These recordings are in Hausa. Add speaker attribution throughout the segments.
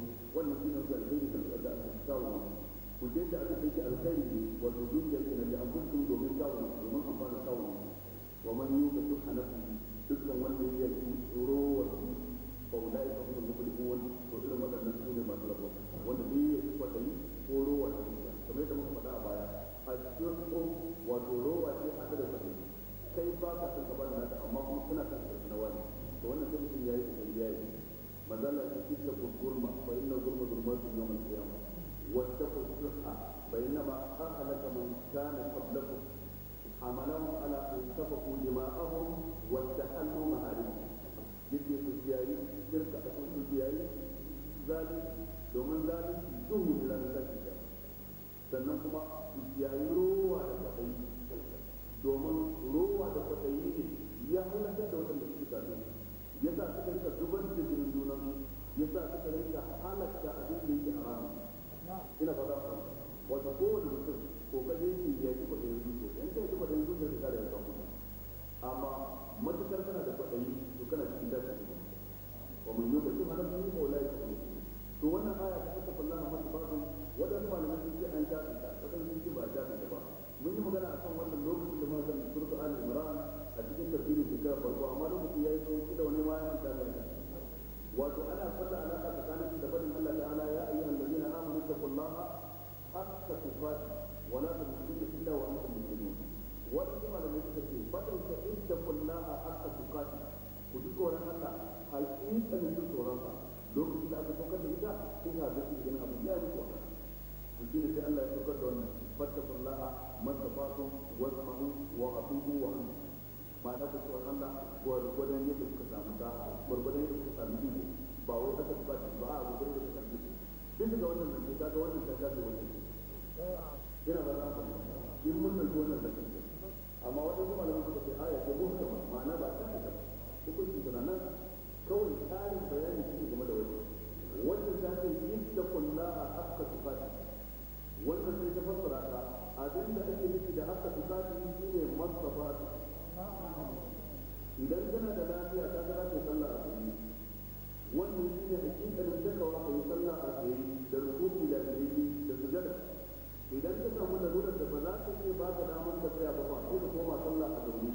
Speaker 1: mutum wannan shine su alheri da da aka kawo ku je da aka sai alheri wato dukiyar ku da an kuntum domin kawo domin amfana kawo wa man yuka tuha nafsi dukkan wanda ya yi tsoro wa su fa ulai ka hum muflihun to irin wadannan sune masu rabo wanda duk ya kwadayi ko rowa da kamar yadda muka a baya a cikin ce a da kai ba ka gaba da naka amma kuma kana wani wannan sai mutum مازال اتقوا الظلم فان الظلم ظلمات يوم القيامه واتقوا الشح فانما اهلك من كان قبلكم حملهم على ان سفكوا دماءهم واستحلوا مهارمهم yake ku kiyaye shirka a kun kiyaye zalunci domin zalunci duhu ne ranar tashi sannan kuma ku kiyaye ومن يوق شح نفسه فاولئك هم المفلحون to wannan aya ta kasa fallan a masu babu waɗansu malamai sun ce an shafe ta waɗansu sun ce ba a shafe ta ba mun yi magana akan wannan lokacin da muka kan surta al a cikin tafsirin shekara farko amma lokaci ya yi tsawo kila wani ma ya manta da wato ana falla alaƙa tsakanin da faɗin Allah ta'ala ya ayyuhan ladina amanu taqullaha haqqa tuqatih wa la tamutunna illa wa antum muslimun waɗansu malamai suka ce faɗin ta ku ji tsoron Allah hakikanin jin tsoronsa lokacin da aka saukar da ita sai ka ga shi gina abin ya mutu wannan to shine sai Allah ya saukar da wannan fattakullaha mastafatun wasmahu wa atubu wa an ma'ana ku tsoron Allah gwargwadon yadda kuka samu da gwargwadon yadda kuka samu ne ba wai aka ba ta ba a gwargwadon yadda kuka samu ido duk daga wannan zance ka ga wannan zance da wannan ina ba za yi, in mun zance wannan zance amma kuma malamai suka ce aya ta ma ma'ana ba ta ita hukunci tunanan kawai tsarin bayani shi ne game da wani wanda ta ce ta kulla a haka su fati wanda sai ta fassara ta abin da ake nufi da haka su fati shi ne masa fati idan kana da lafiya ta ga ta sallah a tsaye wannan shi ne hakikalin takawa ka yi sallah a tsaye da rukuki da tsaye da sujada idan ka samu lalurar da ba za ka ce ba ka damar tafiya ba ba sai ka koma sallah a zaune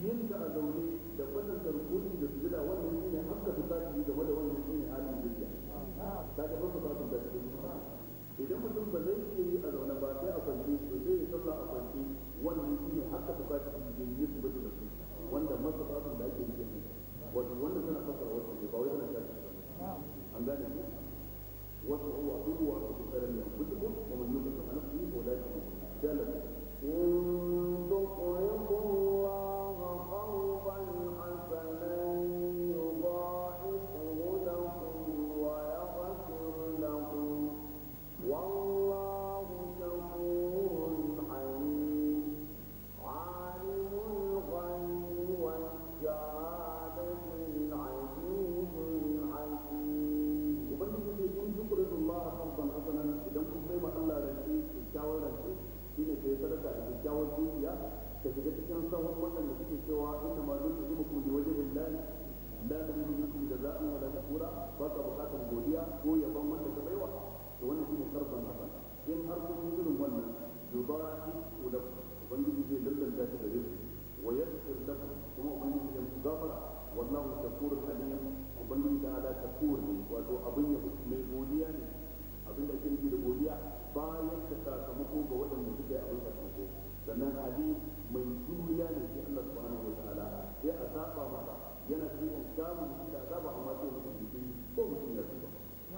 Speaker 1: yin ta a zaune su wannan shi ne haka ta ba shi da yi su bada su wanda masu ba su da ake yi da wato wanda tana fasara wata ne ba wai tana ta an gane ne wasu uwa dubu wa su tsara ne ku dubu kuma mun yi ta ko da ku da
Speaker 2: ku kun to ko
Speaker 1: yubahiku lakum ubangiji zai lallanta ta gare ku wa yaghfir lakum kuma ubangiji zai ku gafara wallahu shakurun alim ubangiji da ala shakur ne wato abin ya mai godiya ne abin da kin da godiya bayan ka sakamako ga waɗanda suka yi abin sakamako sannan alim mai juriya ne sai Allah subhanahu wa ta'ala sai a saba masa yana cikin samun da azaba amma sai mutum ko mutum ya tuba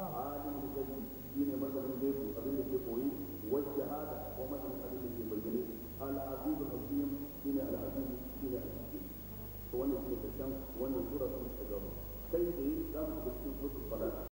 Speaker 1: alim da gani shine mazanin gaibu abin da ke koyi wajhada وما الحديث في بينه العزيز الحكيم شنو العزيز شنو الحكيم وانا شنو الشمس وانا سورة التجارب كيف يجب أن تكون سورة الصلاة